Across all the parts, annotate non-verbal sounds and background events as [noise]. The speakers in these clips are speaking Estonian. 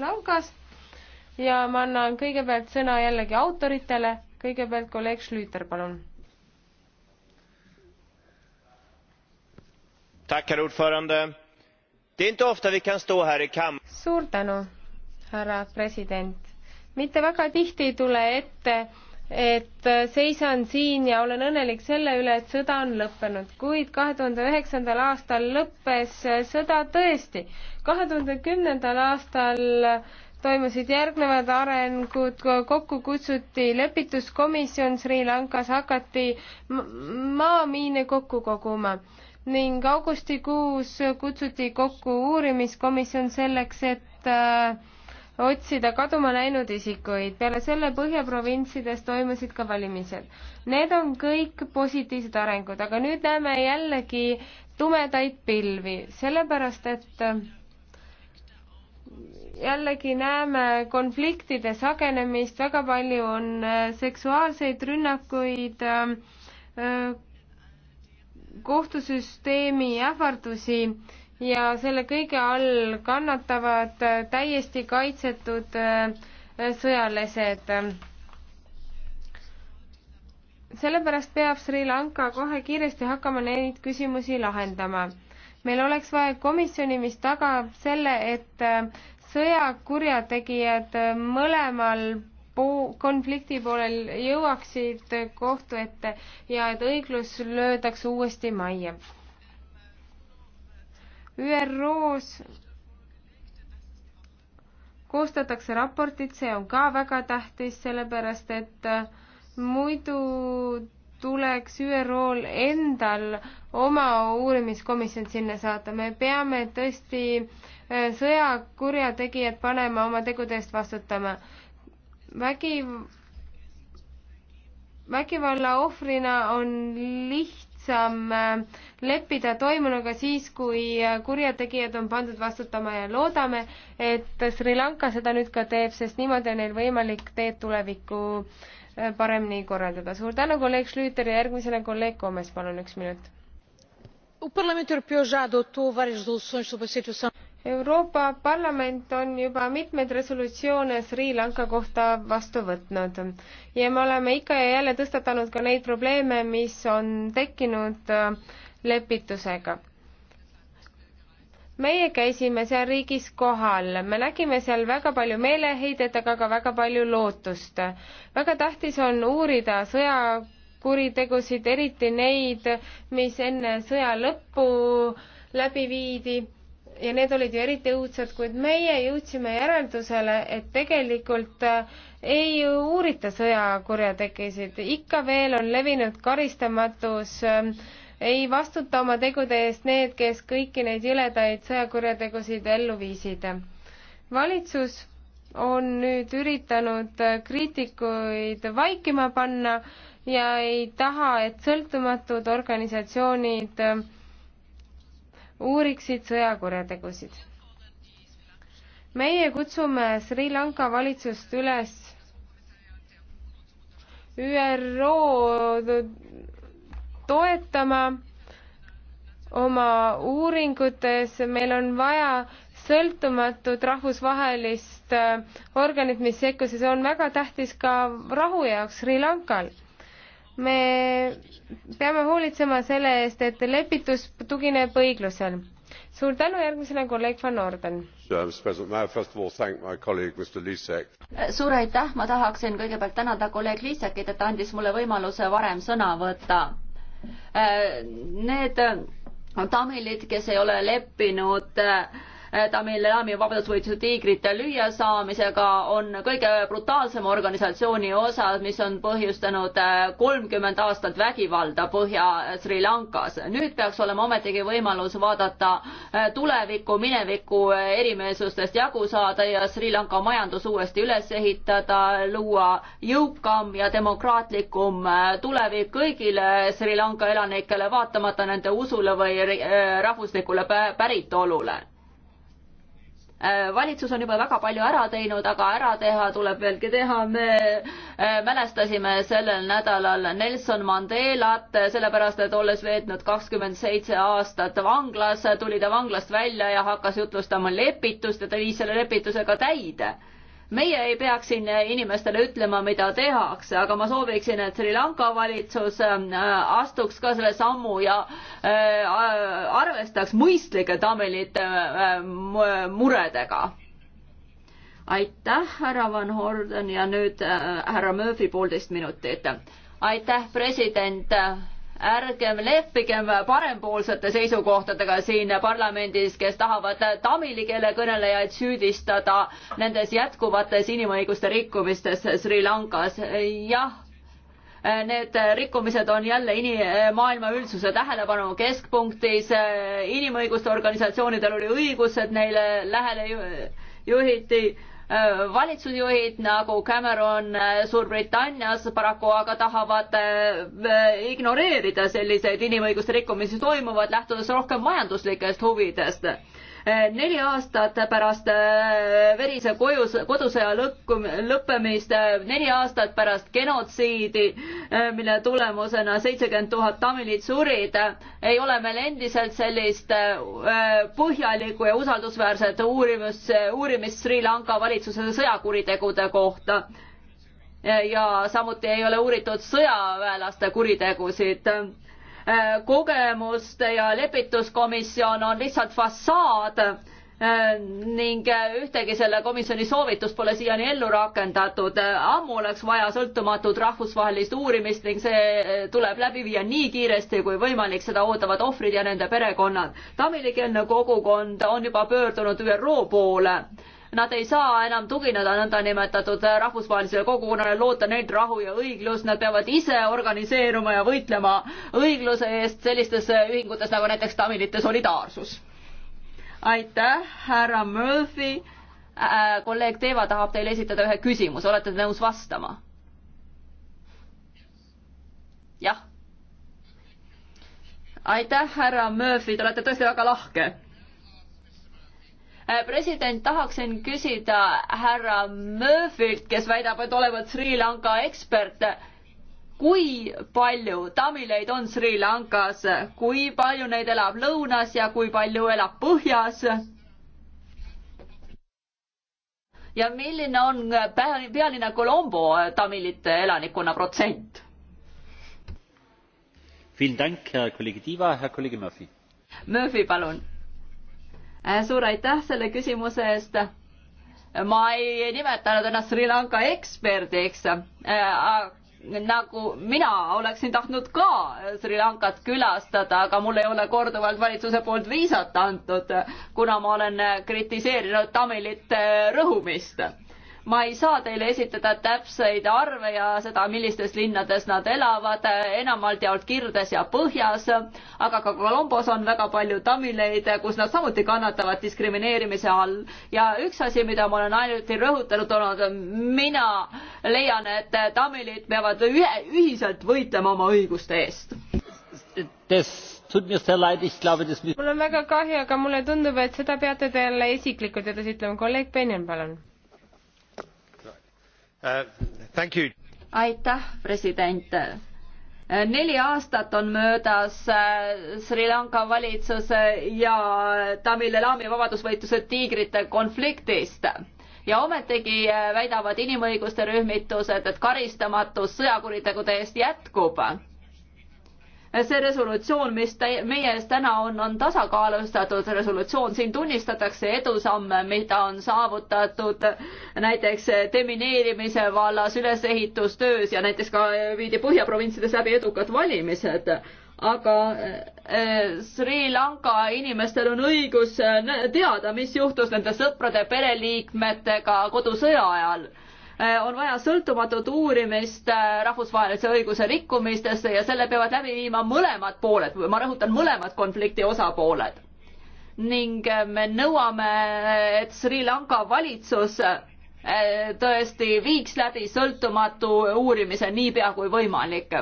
langas ja ma annan kõigepealt sõna jällegi autoritele, kõigepealt kolleeg Schlüter, palun. suur tänu, härra president. mitte väga tihti ei tule ette, et seisan siin ja olen õnnelik selle üle, et sõda on lõppenud, kuid kahe tuhande üheksandal aastal lõppes sõda tõesti. kahe tuhande kümnendal aastal toimusid järgnevad arengud, kokku kutsuti lepituskomisjon Sri Lankas, hakati maamiine kokku koguma ning augustikuus kutsuti kokku uurimiskomisjon selleks, et äh, otsida kaduma läinud isikuid. peale selle Põhja provintsides toimusid ka valimised. Need on kõik positiivsed arengud, aga nüüd näeme jällegi tumedaid pilvi, sellepärast et äh, jällegi näeme konfliktide sagenemist, väga palju on äh, seksuaalseid rünnakuid, äh, kohtusüsteemi ähvardusi ja selle kõige all kannatavad täiesti kaitsetud äh, sõjalased. sellepärast peab Sri Lanka kohe kiiresti hakkama neid küsimusi lahendama. meil oleks vaja komisjoni, mis tagab selle, et äh, sõjakurjategijad äh, mõlemal poo-, konflikti poolel jõuaksid kohtu ette ja et õiglus löödaks uuesti majja ÜRO-s koostatakse raportid, see on ka väga tähtis, sellepärast et äh, muidu tuleks ÜRO-l endal oma uurimiskomisjon sinna saata, me peame tõesti äh, sõjakurjategijad panema oma tegude eest vastutama. vägi, vägivalla ohvrina on lihtne lihtsam äh, leppida toimunuga siis, kui äh, kurjategijad on pandud vastutama ja loodame, et Sri Lanka seda nüüd ka teeb, sest niimoodi on neil võimalik teed tulevikku äh, paremini korraldada. suur tänu, kolleeg Schlüter ja järgmisena kolleeg Gomes, palun üks minut. Euroopa Parlament on juba mitmeid resolutsioone Sri Lanka kohta vastu võtnud ja me oleme ikka ja jälle tõstatanud ka neid probleeme, mis on tekkinud äh, lepitusega. meie käisime seal riigis kohal, me nägime seal väga palju meeleheidet, aga ka väga palju lootust. väga tähtis on uurida sõja kuritegusid, eriti neid, mis enne sõja lõppu läbi viidi ja need olid ju eriti õudsad, kuid meie jõudsime järeldusele, et tegelikult äh, ei uurita sõjakurjategijaid, ikka veel on levinud karistamatus, ähm, ei vastuta oma tegude eest need, kes kõiki neid jõledaid sõjakurjategusid ellu viisid. valitsus on nüüd üritanud äh, kriitikuid vaikima panna ja ei taha, et sõltumatud organisatsioonid äh, uuriksid sõjakurjategusid. meie kutsume Sri Lanka valitsust üles ÜRO toetama oma uuringutes, meil on vaja sõltumatut rahvusvahelist äh, organit, mis sekkuses on väga tähtis ka rahu jaoks Sri Lankal me peame hoolitsema selle eest, et lepitus tugineb õiglusel. suur tänu, järgmisena kolleeg Van Orden. Äh, suur aitäh, ma tahaksin kõigepealt tänada kolleeg Liisekit, et ta andis mulle võimaluse varem sõna võtta. Äh, need äh, tamilid, kes ei ole leppinud äh, Eh, Tamil Elami vabadusvõitluse tiigrite lüüasaamisega on kõige brutaalsem organisatsiooni osa, mis on põhjustanud eh, kolmkümmend aastat vägivalda Põhja-Sri Lankas. nüüd peaks olema ometigi võimalus vaadata eh, tulevikku, minevikku erimeelsustest jagu saada ja Sri Lanka majandus uuesti üles ehitada, luua jõukam ja demokraatlikum tulevik kõigile Sri Lanka elanikele, vaatamata nende usule või rahvuslikule päritolule Äh, valitsus on juba väga palju ära teinud, aga ära teha tuleb veelgi teha. me äh, mälestasime sellel nädalal Nelson Mandelat, sellepärast et olles veetnud kakskümmend seitse aastat vanglas, tuli ta vanglast välja ja hakkas jutlustama lepitust ja ta viis selle lepituse ka täide meie ei peaks siin inimestele ütlema, mida tehakse, aga ma sooviksin, et Sri Lanka valitsus äh, astuks ka selle sammu ja äh, arvestaks mõistlike tamilite äh, muredega. aitäh, härra Van Horden ja nüüd härra Murphy poolteist minutit. aitäh, president ärgem leppigem parempoolsete seisukohtadega siin parlamendis, kes tahavad tamili keele kõnelejaid süüdistada nendes jätkuvates inimõiguste rikkumistes Sri Lankas. jah, need rikkumised on jälle ini-, maailma üldsuse tähelepanu keskpunktis, inimõiguste organisatsioonidel oli õigus, et neile lähele juhiti valitsusjuhid nagu Cameron Suurbritannias paraku aga tahavad äh, ignoreerida selliseid inimõiguste rikkumisi toimuvad, lähtudes rohkem majanduslikest huvidest neli aastat pärast äh, verise kojus, kodusõja lõkku, lõppemist, äh, neli aastat pärast genotsiidi, äh, mille tulemusena seitsekümmend tuhat tamilit surid, ei ole meil endiselt sellist põhjalikku ja usaldusväärset uurimus, uurimist Sri Lanka valitsuse sõjakuritegude kohta. ja samuti ei ole uuritud sõjaväelaste kuritegusid Äh, kogemuste ja lepituskomisjon on lihtsalt fassaad äh, ning äh, ühtegi selle komisjoni soovitust pole siiani ellu rakendatud. ammu oleks vaja sõltumatut rahvusvahelist uurimist ning see tuleb läbi viia nii kiiresti kui võimalik, seda ootavad ohvrid ja nende perekonnad. tamilikeelne kogukond on juba pöördunud ÜRO poole Nad ei saa enam tugineda nõndanimetatud rahvusvahelisele kogukonnale, loota neilt rahu ja õiglust, nad peavad ise organiseeruma ja võitlema õigluse eest sellistes ühingutes nagu näiteks Tamilite Solidaarsus. aitäh, härra Murphy. Äh, kolleeg Teeva tahab teile esitada ühe küsimuse, olete nõus vastama? jah aitäh, härra Murphy, te olete tõesti väga lahke Äh, president, tahaksin küsida härra Murphy't, kes väidab, et olevat Sri Lanka ekspert kui palju tamileid on Sri Lankas, kui palju neid elab lõunas ja kui palju elab põhjas? ja milline on pealinna Colombo tamilite elanikkonna protsent? Murphy, palun Äh, suur aitäh selle küsimuse eest. ma ei nimetanud ennast Sri Lanka eksperdiks, äh, nagu mina oleksin tahtnud ka Sri Lankat külastada, aga mulle ei ole korduvalt valitsuse poolt viisat antud, kuna ma olen kritiseerinud Tamilit äh, rõhumist ma ei saa teile esitada täpseid arve ja seda, millistes linnades nad elavad, enamalt jaolt kirdes ja põhjas, aga ka Colombos on väga palju tamileid, kus nad samuti kannatavad diskrimineerimise all. ja üks asi, mida ma olen ainult rõhutanud olnud, mina leian, et tamilid peavad ühe, ühiselt võitlema oma õiguste eest. mul on väga kahju, aga mulle tundub, et seda peate te jälle isiklikult edasi ütlema. kolleeg Benjamin, palun Uh, aitäh, president. Uh, neli aastat on möödas uh, Sri Lanka valitsuse ja Tamil Elami vabadusvõitluse tiigrite konfliktist ja ometigi väidavad inimõiguste rühmitused, et karistamatus sõjakuritegude eest jätkub see resolutsioon, mis meie ees täna on, on tasakaalustatud resolutsioon, siin tunnistatakse edusamme, mida on saavutatud näiteks demineerimise vallas, ülesehitustöös ja näiteks ka eh, viidi Põhja provintsides läbi edukad valimised. aga eh, Sri Lanka inimestel on õigus eh, teada, mis juhtus nende sõprade, pereliikmetega kodusõja ajal Eh, on vaja sõltumatut uurimist eh, rahvusvahelise õiguse rikkumistesse ja selle peavad läbi viima mõlemad pooled, ma rõhutan, mõlemad konflikti osapooled. ning eh, me nõuame, et Sri Lanka valitsus tõesti viiks läbi sõltumatu uurimise niipea kui võimalik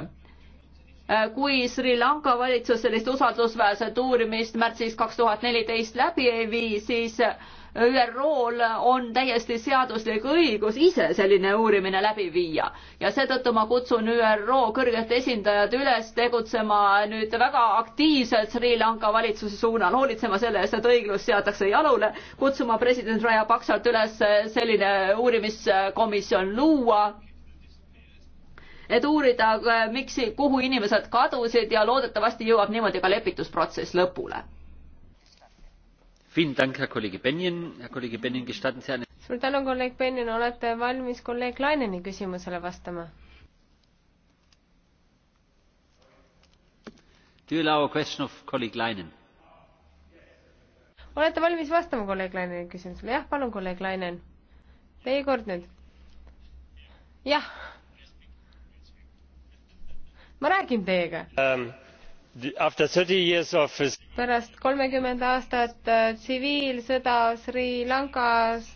kui Sri Lanka valitsus sellist usaldusväärset uurimist märtsis kaks tuhat neliteist läbi ei vii, siis ÜRO-l on täiesti seaduslik õigus ise selline uurimine läbi viia ja seetõttu ma kutsun ÜRO kõrget esindajat üles tegutsema nüüd väga aktiivselt Sri Lanka valitsuse suunal, hoolitsema selle eest, et õiglus seatakse jalule, kutsuma president Rajapaksalt üles selline uurimiskomisjon luua et uurida, miks, kuhu inimesed kadusid ja loodetavasti jõuab niimoodi ka lepitusprotsess lõpule suur tänu, kolleeg Benjan, olete valmis kolleeg Laineni küsimusele vastama? olete valmis vastama kolleeg Laineni küsimusele? jah, palun, kolleeg Lainen. Teie kord nüüd. jah. ma räägin teiega um pärast kolmekümmend aastat äh, tsiviilsõda sri lankas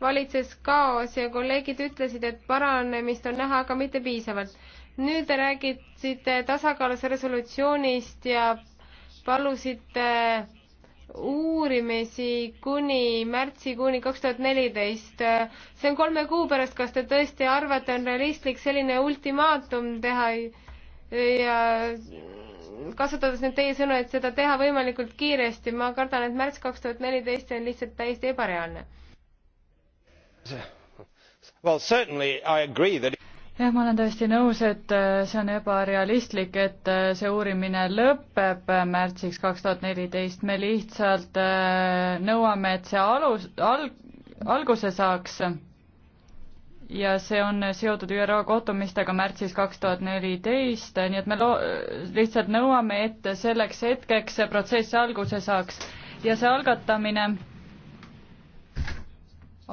valitses kaos ja kolleegid ütlesid et paranemist on näha aga mitte piisavalt nüüd te rääkisite tasakaalus resolutsioonist ja palusite uurimisi kuni märtsikuuni kaks tuhat neliteist. see on kolme kuu pärast, kas te tõesti arvate, on realistlik selline ultimaatum teha ja kasutades nüüd teie sõnu, et seda teha võimalikult kiiresti, ma kardan, et märts kaks tuhat neliteist on lihtsalt täiesti ebareaalne. Well, certainly I agree that jah, ma olen täiesti nõus, et äh, see on ebarealistlik, et äh, see uurimine lõpeb äh, märtsiks kaks tuhat neliteist, me lihtsalt nõuame, et see alus, alg-, alguse saaks ja see on seotud ÜRO kohtumistega märtsis kaks tuhat neliteist, nii et me loo-, lihtsalt nõuame, et selleks hetkeks see protsess alguse saaks ja see algatamine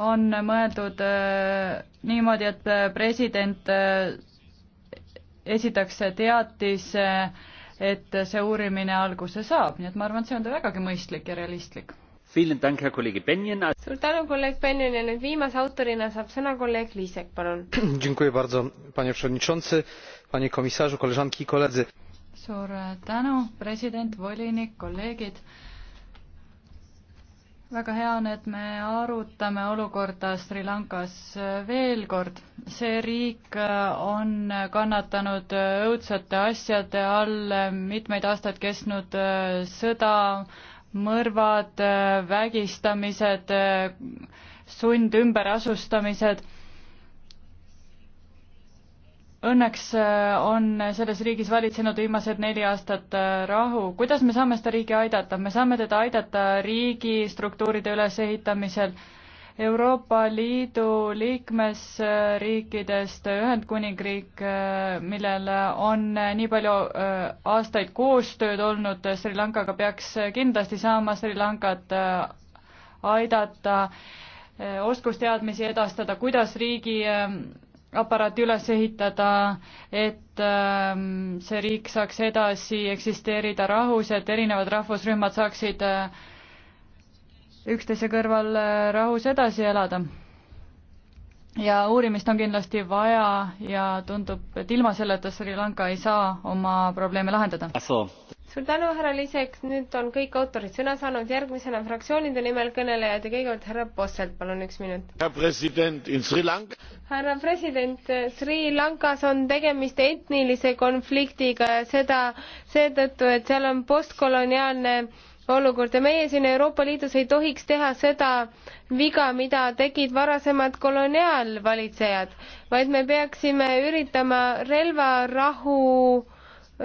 on mõeldud äh, niimoodi, et äh, president äh, esitaks teatise, et see uurimine alguse saab, nii et ma arvan, et see on vägagi mõistlik ja realistlik suur tänu kolleeg bennion ja nüüd viimase autorina saab sõna kolleeg lisek palun. [clears throat] panie przewodniczący panie komisarzu koleżanki i koledzy! suur tänu president volinik kolleegid! väga hea on et me arutame olukorda sri lankas veel kord. see riik on kannatanud õudsate asjade all mitmeid aastaid kestnud äh, sõda mõrvad, vägistamised, sundümberasustamised. Õnneks äh, on selles riigis valitsenud viimased neli aastat äh, rahu. kuidas me saame seda riigi aidata? me saame teda aidata riigi struktuuride ülesehitamisel Euroopa Liidu liikmesriikidest Ühendkuningriik, millel on nii palju äh, aastaid koostööd olnud Sri Lankaga, peaks kindlasti saama Sri Lankat äh, aidata, äh, oskusteadmisi edastada, kuidas riigi aparaati üles ehitada, et ähm, see riik saaks edasi eksisteerida rahus, et erinevad rahvusrühmad saaksid üksteise kõrval äh, rahus edasi elada. ja uurimist on kindlasti vaja ja tundub, et ilma selleta Sri Lanka ei saa oma probleeme lahendada. suur tänu, härra Liisek, nüüd on kõik autorid sõna saanud, järgmisena fraktsioonide nimel kõnelejad ja kõigepealt härra Posselt, palun üks minut. härra president, Sri Lanka. härra president, Sri Lankas on tegemist etnilise konfliktiga ja seda seetõttu, et seal on postkoloniaalne olukord ja meie siin Euroopa Liidus ei tohiks teha seda viga, mida tegid varasemad koloniaalvalitsejad, vaid me peaksime üritama relvarahu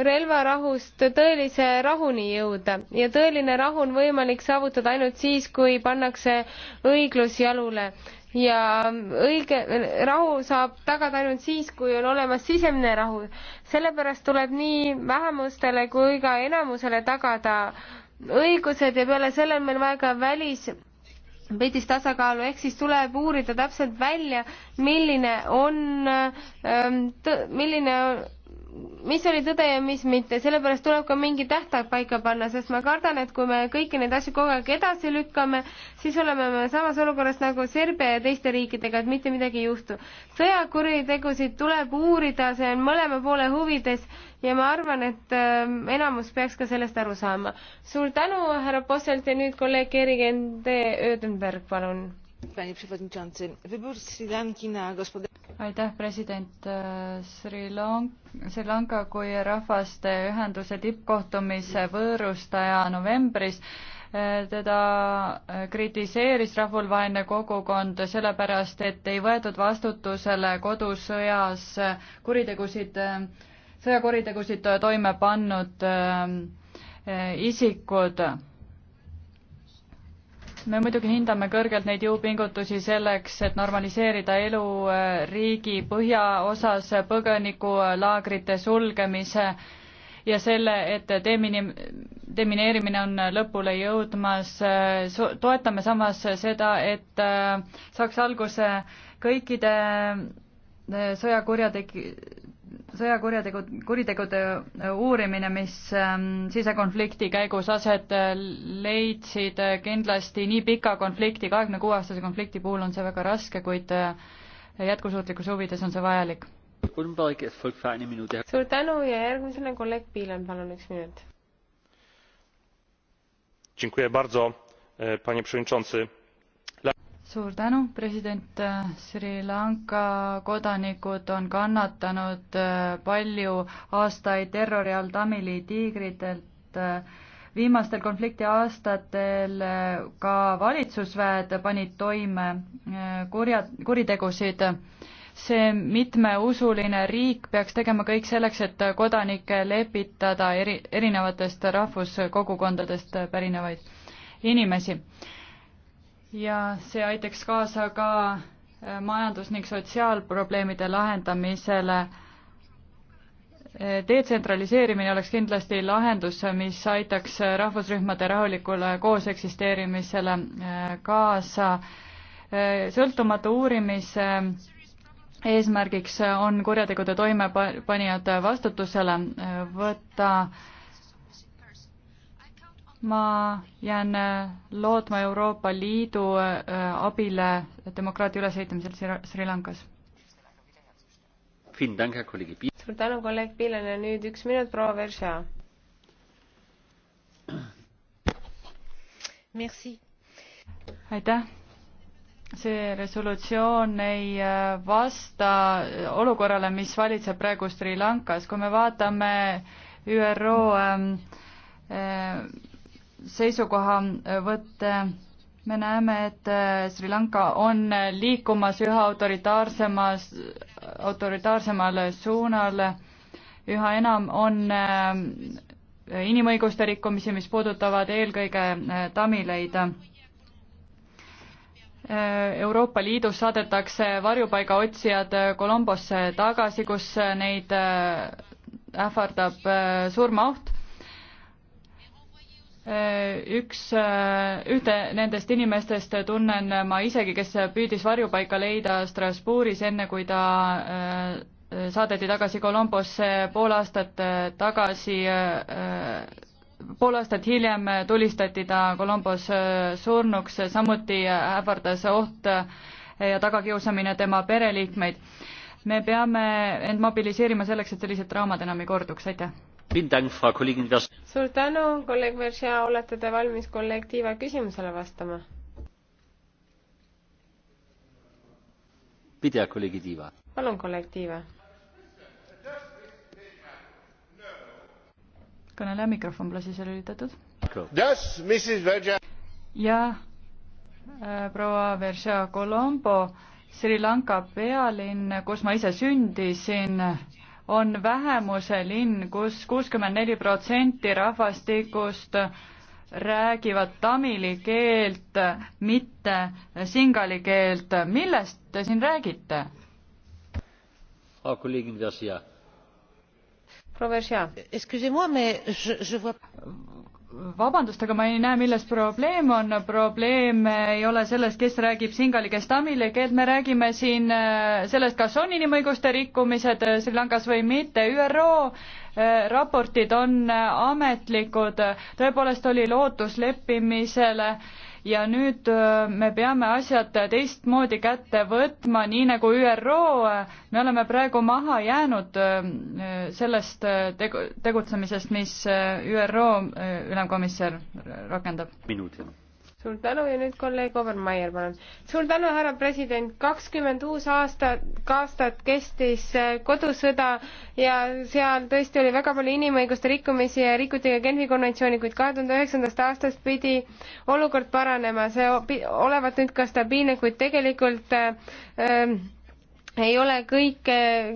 relvarahust tõelise rahuni jõuda ja tõeline rahu on võimalik saavutada ainult siis, kui pannakse õiglus jalule ja õige, rahu saab tagada ainult siis, kui on olemas sisemine rahu. sellepärast tuleb nii vähemustele kui ka enamusele tagada õigused ja peale selle on meil vaja ka välis veidis tasakaalu, ehk siis tuleb uurida täpselt välja, milline on, ähm, milline on mis oli tõde ja mis mitte, sellepärast tuleb ka mingi tähtaeg paika panna, sest ma kardan, et kui me kõiki neid asju kogu aeg edasi lükkame, siis oleme me samas olukorras nagu Serbia ja teiste riikidega, et mitte midagi ei juhtu. sõjakuritegusid tuleb uurida, see on mõlema poole huvides ja ma arvan, et ähm, enamus peaks ka sellest aru saama. suur tänu, härra Posselt ja nüüd kolleeg Erik N. D. Ödenberg, palun. Panie przewodniczący, wybór Sri Lanki na gospodarkę aitäh, president Sri Lanka, Sri Lanka kui rahvaste ühenduse tippkohtumise võõrustaja novembris teda kritiseeris rahvusvaheline kogukond sellepärast, et ei võetud vastutusele kodusõjas kuritegusid, sõjakuritegusid toime pannud äh, isikud me muidugi hindame kõrgelt neid jõupingutusi selleks, et normaliseerida elu äh, riigi põhjaosas põgenikulaagrite äh, sulgemise ja selle, et demini-, demineerimine on lõpule jõudmas, äh, toetame samas seda, et saaks alguse kõikide sõjakurjategi-, sõjakurjategud, kuritegude äh, uurimine, mis ähm, sisekonflikti käigus aset äh, leidsid, äh, kindlasti nii pika konflikti, kahekümne kuue aastase konflikti puhul on see väga raske, kuid jätkusuutlikkuse huvides on see vajalik. suur tänu ja järgmisena kolleeg Piilen, palun üks minut. Dziękuję bardzo, e, panie przewodniczący suur tänu, president. Sri Lanka kodanikud on kannatanud äh, palju aastaid terrori all Tamili tiigritelt. Äh, viimastel konfliktiaastatel äh, ka valitsusväed panid toime kurja, kuritegusid. see mitmeusuline riik peaks tegema kõik selleks, et kodanikke lepitada eri, erinevatest rahvuskogukondadest pärinevaid inimesi ja see aitaks kaasa ka äh, majandus- ning sotsiaalprobleemide lahendamisele. Äh, detsentraliseerimine oleks kindlasti lahendus, mis aitaks äh, rahvusrühmade rahulikule kooseksisteerimisele kaasa. sõltumatu uurimise eesmärgiks on kurjategude toimepanijad vastutusele võtta ma jään äh, lootma Euroopa Liidu äh, abile demokraatia ülesehitamisel Sri Lankas. suur tänu, kolleeg Piilen ja nüüd üks minut, proua Verša. aitäh. see resolutsioon ei äh, vasta olukorrale, mis valitseb praegu Sri Lankas, kui me vaatame ÜRO ähm, äh, seisukohavõtte äh, me näeme, et äh, Sri Lanka on äh, liikumas üha autoritaarsemas, autoritaarsemale suunale. üha enam on inimõiguste rikkumisi, mis puudutavad eelkõige tamileid. Euroopa Liidus saadetakse varjupaigaotsijad Colombosse tagasi, kus neid ähvardab surmaoht Äh, üks, äh, ühte nendest inimestest tunnen ma isegi, kes püüdis varjupaika leida Strasbourgis, enne kui ta äh, saadeti tagasi Colombosse pool aastat tagasi, pool aastat hiljem tulistati ta Colombos surnuks, samuti ähvardas oht ja tagakiusamine tema pereliikmeid. me peame end mobiliseerima selleks, et sellised draamad enam ei korduks, aitäh! suur tänu, kolleeg Veržea, olete te valmis kolleeg Tiiva küsimusele vastama? palun, kolleeg Tiiva. kõneleja mikrofon pole sisse lülitatud. jah, äh, proua Veržea Colombo, Sri Lanka pealinn, kus ma ise sündisin on vähemuse linn kus, kus kuuskümmend neli protsenti rahvastikust räägivad tamili keelt, mitte singali keelt. millest te siin räägite? proua Veršia vabandust, aga ma ei näe, milles probleem on, probleem ei ole selles, kes räägib singali, kes tamili keelt, me räägime siin äh, sellest, kas on inimõiguste rikkumised äh, Sri Lankas või mitte, ÜRO äh, raportid on ametlikud, tõepoolest oli lootus leppimisele äh, ja nüüd äh, me peame asjad teistmoodi kätte võtma, nii nagu ÜRO, äh, me oleme praegu maha jäänud äh, sellest tegu-, tegutsemisest, mis ÜRO ülemkomissar rakendab. minut jah suur tänu ja nüüd kolleeg Obermeier, palun. suur tänu, härra president, kakskümmend uus aastat, aastat kestis äh, kodusõda ja seal tõesti oli väga palju inimõiguste rikkumisi ja rikuti ka Genfi konventsiooni, kuid kahe tuhande üheksandast aastast pidi olukord paranema, see olevat nüüd ka stabiilne, kuid tegelikult äh, äh ei ole kõik äh,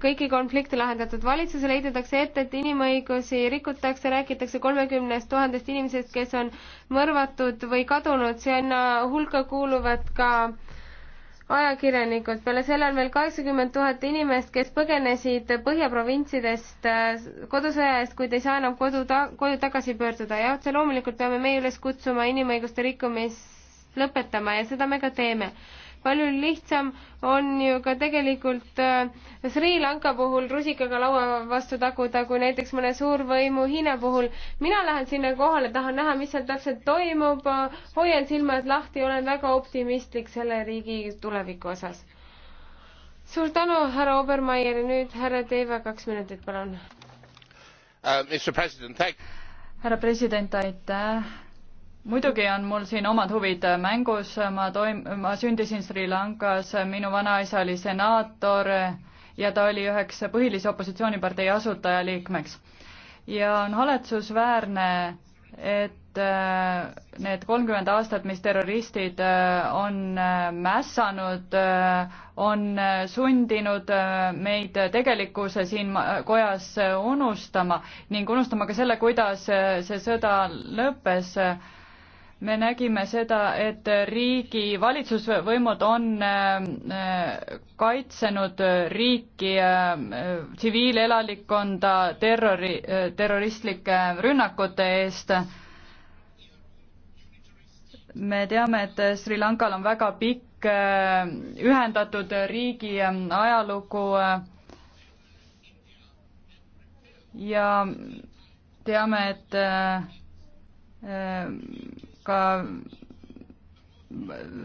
kõiki konflikte lahendatud. valitsusele heidetakse ette, et inimõigusi rikutakse, räägitakse kolmekümnest tuhandest inimesest, kes on mõrvatud või kadunud, sinna äh, hulka kuuluvad ka ajakirjanikud. peale selle on veel kaheksakümmend tuhat inimest, kes põgenesid põhjaprovintsidest äh, kodusõja eest, kuid ei saa enam kodu ta-, koju tagasi pöörduda ja otse loomulikult peame meie üles kutsuma inimõiguste rikkumist lõpetama ja seda me ka teeme palju lihtsam on ju ka tegelikult äh, Sri Lanka puhul rusikaga laua vastu taguda, kui näiteks mõne suurvõimu Hiina puhul. mina lähen sinna kohale, tahan näha, mis seal täpselt toimub, hoian silmad lahti, olen väga optimistlik selle riigi tuleviku osas. suur tänu, härra Obermeier ja nüüd härra Teeva, kaks minutit, palun uh,. härra president, aitäh muidugi on mul siin omad huvid mängus, ma toim-, ma sündisin Sri Lankas, minu vanaisa oli senaator ja ta oli üheks põhilise opositsioonipartei asutajaliikmeks. ja on haletsusväärne, et äh, need kolmkümmend aastat, mis terroristid äh, on äh, mässanud, on sundinud meid tegelikkuse siin kojas unustama ning unustama ka selle, kuidas see sõda lõppes me nägime seda, et riigi valitsusvõimud on äh, kaitsenud riiki, äh, tsiviilelanikkonda terrori, äh, terroristlike rünnakute eest. me teame, et Sri Lankal on väga pikk ühendatud riigi ajalugu ja teame, et ka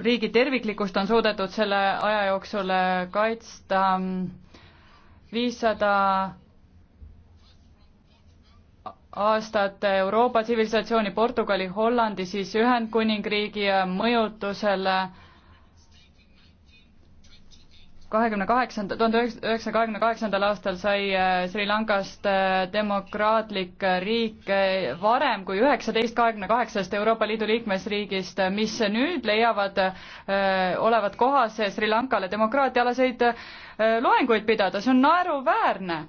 riigi terviklikkust on suudetud selle aja jooksul äh, kaitsta viissada aastat Euroopa tsivilisatsiooni Portugali, Hollandi, siis Ühendkuningriigi mõjutusele kahekümne kaheksanda, tuhande üheksasaja kahekümne kaheksandal aastal sai äh, Sri Lankast äh, demokraatlik äh, riik varem kui üheksateist kahekümne kaheksast Euroopa Liidu liikmesriigist, mis nüüd leiavad olevat kohas Sri Lankale demokraatiaalaseid loenguid pidada, see on naeruväärne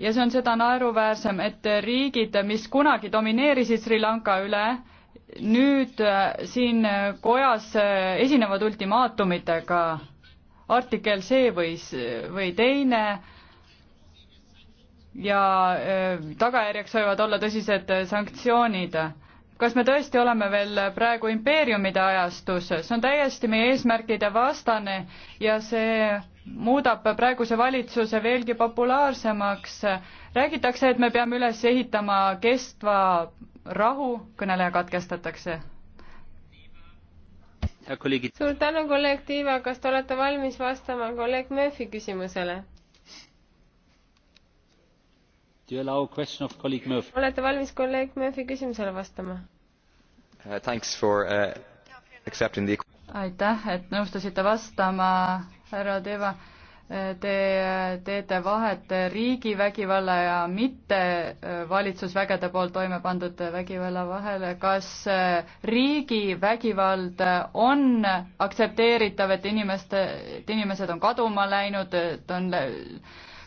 ja see on seda naeruväärsem, et riigid, mis kunagi domineerisid Sri Lanka üle, nüüd siin kojas esinevad ultimaatumitega artikkel see või, või teine ja e, tagajärjeks võivad olla tõsised e, sanktsioonid. kas me tõesti oleme veel praegu impeeriumide ajastus, see on täiesti meie eesmärkide vastane ja see muudab praeguse valitsuse veelgi populaarsemaks. räägitakse, et me peame üles ehitama kestva rahu, kõneleja katkestatakse suur tänu, kolleeg Tiiva, kas te olete valmis vastama kolleeg Murphy küsimusele? olete valmis kolleeg Murphy küsimusele vastama uh,? For, uh, the... aitäh, et nõustusite vastama, härra Tiiva Te teete vahet riigi vägivalla ja mitte äh, valitsusvägede poolt toime pandud vägivalla vahele. kas äh, riigi vägivald on aktsepteeritav, et inimeste, et inimesed on kaduma läinud, et on äh,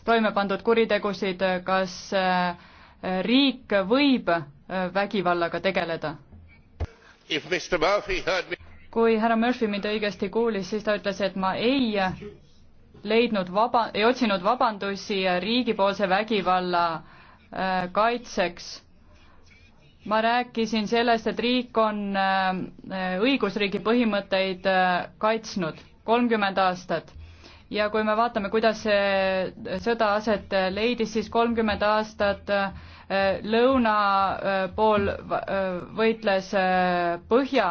toime pandud kuritegusid, kas riik võib vägivallaga tegeleda? kui härra Murphy mind õigesti kuulis, siis ta ütles, et ma ei leidnud vaba, ei otsinud vabandusi riigipoolse vägivalla äh, kaitseks. ma rääkisin sellest, et riik on äh, õigusriigi põhimõtteid äh, kaitsnud kolmkümmend aastat ja kui me vaatame, kuidas see äh, sõda aset äh, leidis, siis kolmkümmend aastat äh, lõuna pool võitles põhja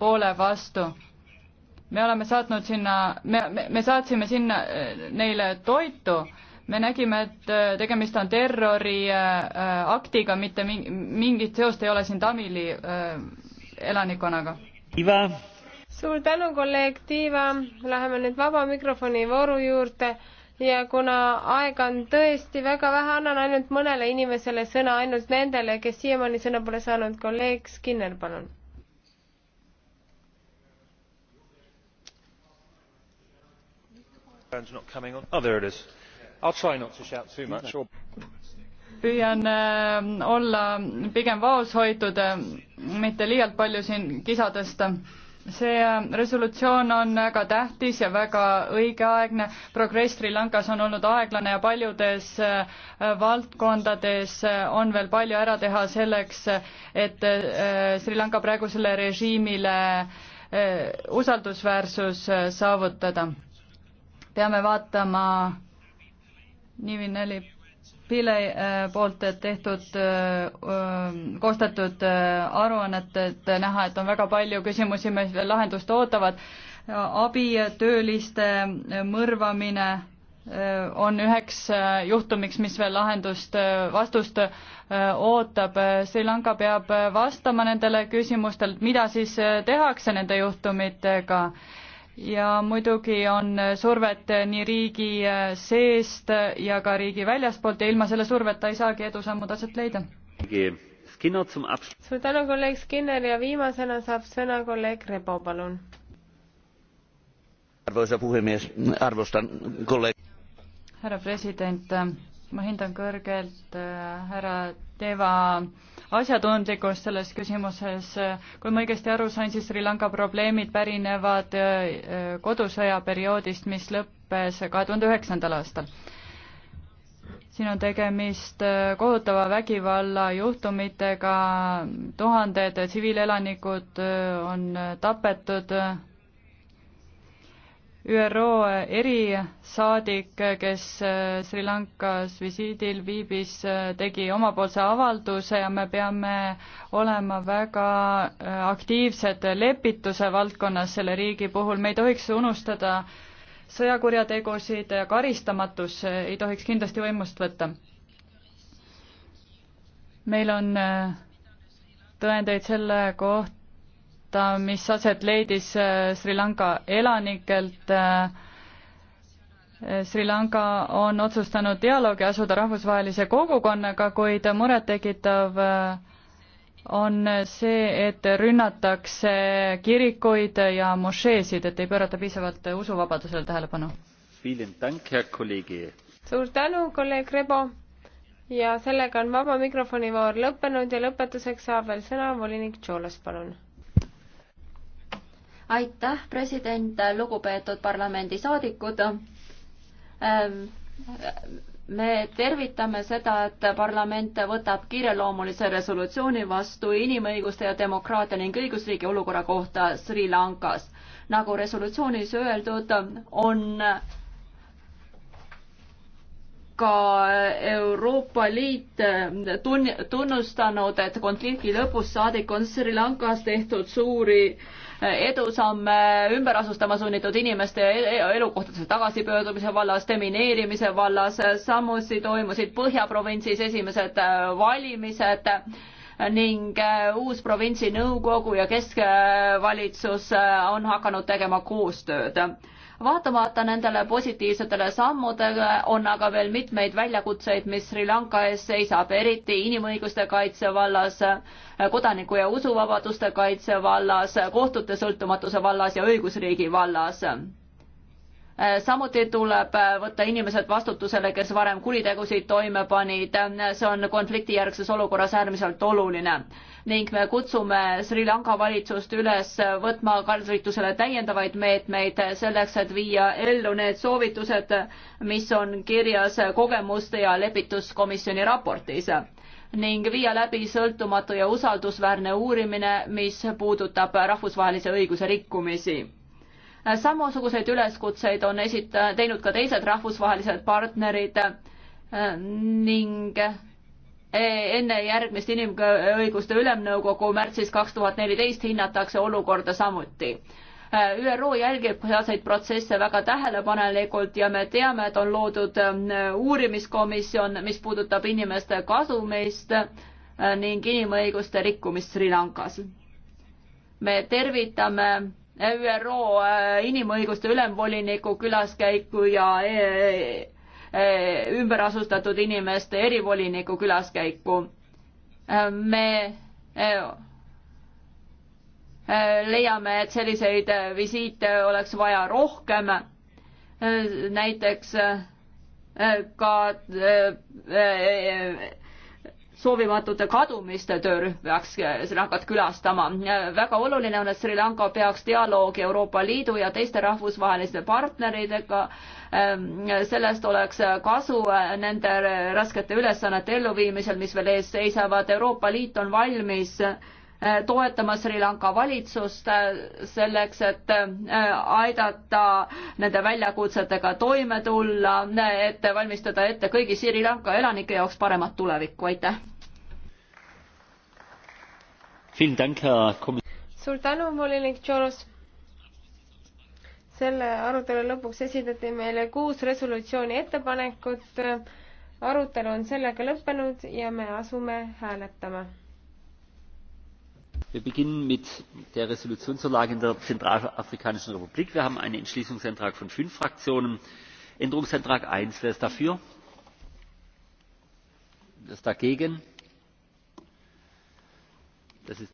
poole vastu me oleme saatnud sinna, me, me, me saatsime sinna äh, neile toitu, me nägime, et äh, tegemist on terroriaktiga äh,, äh mitte mingi, mingit seost ei ole siin Tamili äh, elanikkonnaga. Iva. suur tänu, kolleeg Tiiva, läheme nüüd vaba mikrofoni vooru juurde ja kuna aega on tõesti väga vähe, annan ainult mõnele inimesele sõna, ainult nendele, kes siiamaani sõna pole saanud. kolleeg Skinner, palun Oh, püüan ähm, olla pigem vaoshoitud, ähm, mitte liialt palju siin kisa tõsta see ähm, resolutsioon on väga tähtis ja väga õigeaegne. progress Sri Lankas on olnud aeglane ja paljudes äh, valdkondades äh, on veel palju ära teha selleks, et äh, Sri Lanka praegusele režiimile usaldusväärsus saavutada peame vaatama Nivineli Pile äh, poolt tehtud, äh, äh, koostatud aruannet, et näha, et on väga palju küsimusi, mis veel lahendust ootavad. abitööliste mõrvamine on üheks juhtumiks, mis veel lahendust, vastust ootab. Sri Lanka peab vastama nendele küsimustele, mida siis tehakse nende juhtumitega ja muidugi on survet nii riigi äh, seest äh, ja ka riigi väljaspoolt ja ilma selle surveta ei saagi edusammud aset leida. suur tänu, kolleeg Skinner ja viimasena saab sõna kolleeg Rebo, palun. arvoisa puhemees, arvostan kolleeg. härra president, äh, ma hindan kõrgelt härra Teva äh, asjatundlikkust selles küsimuses. kui ma õigesti aru sain, siis Sri Lanka probleemid pärinevad äh, äh, kodusõja perioodist, mis lõppes kahe tuhande üheksandal aastal siin on tegemist äh, kohutava vägivallajuhtumitega, tuhanded tsiviilelanikud on tapetud ÜRO erisaadik, kes äh, Sri Lankas visiidil viibis, äh, tegi omapoolse avalduse ja me peame olema väga äh, aktiivsed lepituse valdkonnas selle riigi puhul, me ei tohiks unustada sõjakurjategusid ja karistamatus ei tohiks kindlasti võimust võtta. meil on tõendeid selle kohta, kohta, mis aset leidis äh, Sri Lanka elanikelt. Äh, Sri Lanka on otsustanud dialoogi asuda rahvusvahelise kogukonnaga, kuid murettekitav äh, on see, et rünnatakse kirikuid ja mošeesid, et ei pöörata piisavalt usuvabadusele tähelepanu. suur tänu, kolleeg Rebo ja sellega on vaba mikrofoni voor lõppenud ja lõpetuseks saab veel sõna volinik Tšolos, palun aitäh, president, lugupeetud parlamendisaadikud. Ähm, me tervitame seda, et parlament võtab kiireloomulise resolutsiooni vastu inimõiguste ja demokraatia ning õigusriigi olukorra kohta Sri Lankas. nagu resolutsioonis öeldud, on ka Euroopa Liit tun-, tunnustanud, et konflikti lõpus saadik on Sri Lankas tehtud suuri edusamme ümberasustama sunnitud inimeste e-, e-, elukohtadesse tagasipöördumise vallas, demineerimise vallas, samuti toimusid Põhja provintsis esimesed äh, valimised ning äh, uus provintsinõukogu ja keskvalitsus äh, on hakanud tegema koostööd vaatamata nendele positiivsetele sammudele on aga veel mitmeid väljakutseid, mis Sri Lanka ees seisab, eriti inimõiguste kaitse vallas, kodaniku- ja usuvabaduste kaitse vallas, kohtute sõltumatuse vallas ja õigusriigi vallas samuti tuleb võtta inimesed vastutusele, kes varem kuritegusid toime panid, see on konfliktijärgses olukorras äärmiselt oluline ning me kutsume Sri Lanka valitsust üles võtma kaldritusele täiendavaid meetmeid selleks, et viia ellu need soovitused, mis on kirjas kogemuste ja lepituskomisjoni raportis ning viia läbi sõltumatu ja usaldusväärne uurimine, mis puudutab rahvusvahelise õiguse rikkumisi samasuguseid üleskutseid on esita-, teinud ka teised rahvusvahelised partnerid ning enne järgmist inimõiguste ülemnõukogu märtsis kaks tuhat neliteist hinnatakse olukorda samuti. ÜRO jälgib sealseid protsesse väga tähelepanelikult ja me teame, et on loodud ähm, uurimiskomisjon, mis puudutab inimeste kasumist äh, ning inimõiguste rikkumist Sri Lankas. me tervitame ÜRO äh, inimõiguste ülemvoliniku külaskäiku ja e Eh, ümber asustatud inimeste erivoliniku külaskäiku. Eh, me eh, leiame, et selliseid visiite oleks vaja rohkem. näiteks ka soovimatute kadumiste töörühm peaks eh, Sri Lankat külastama. väga oluline on, et Sri Lanka peaks dialoogi Euroopa Liidu ja teiste rahvusvaheliste partneritega. Ehm, sellest oleks kasu eh, nende raskete ülesannete elluviimisel, mis veel ees seisavad. Euroopa Liit on valmis eh, Äh, toetama Sri Lanka valitsust äh, selleks, et äh, aidata nende väljakutsetega toime tulla, et valmistada ette kõigi Sri Lanka elanike jaoks paremat tulevikku, aitäh! suur tänu, volinik Tšoros! selle arutelu lõpuks esitati meile kuus resolutsiooni ettepanekut, arutelu on sellega lõppenud ja me asume hääletama wir beginnen mit der entschließung zur lage in der zentralafrikanischen republik. wir haben einen entschließungsantrag von fünf fraktionen. änderungsantrag eins wer ist dafür? wer ist dagegen?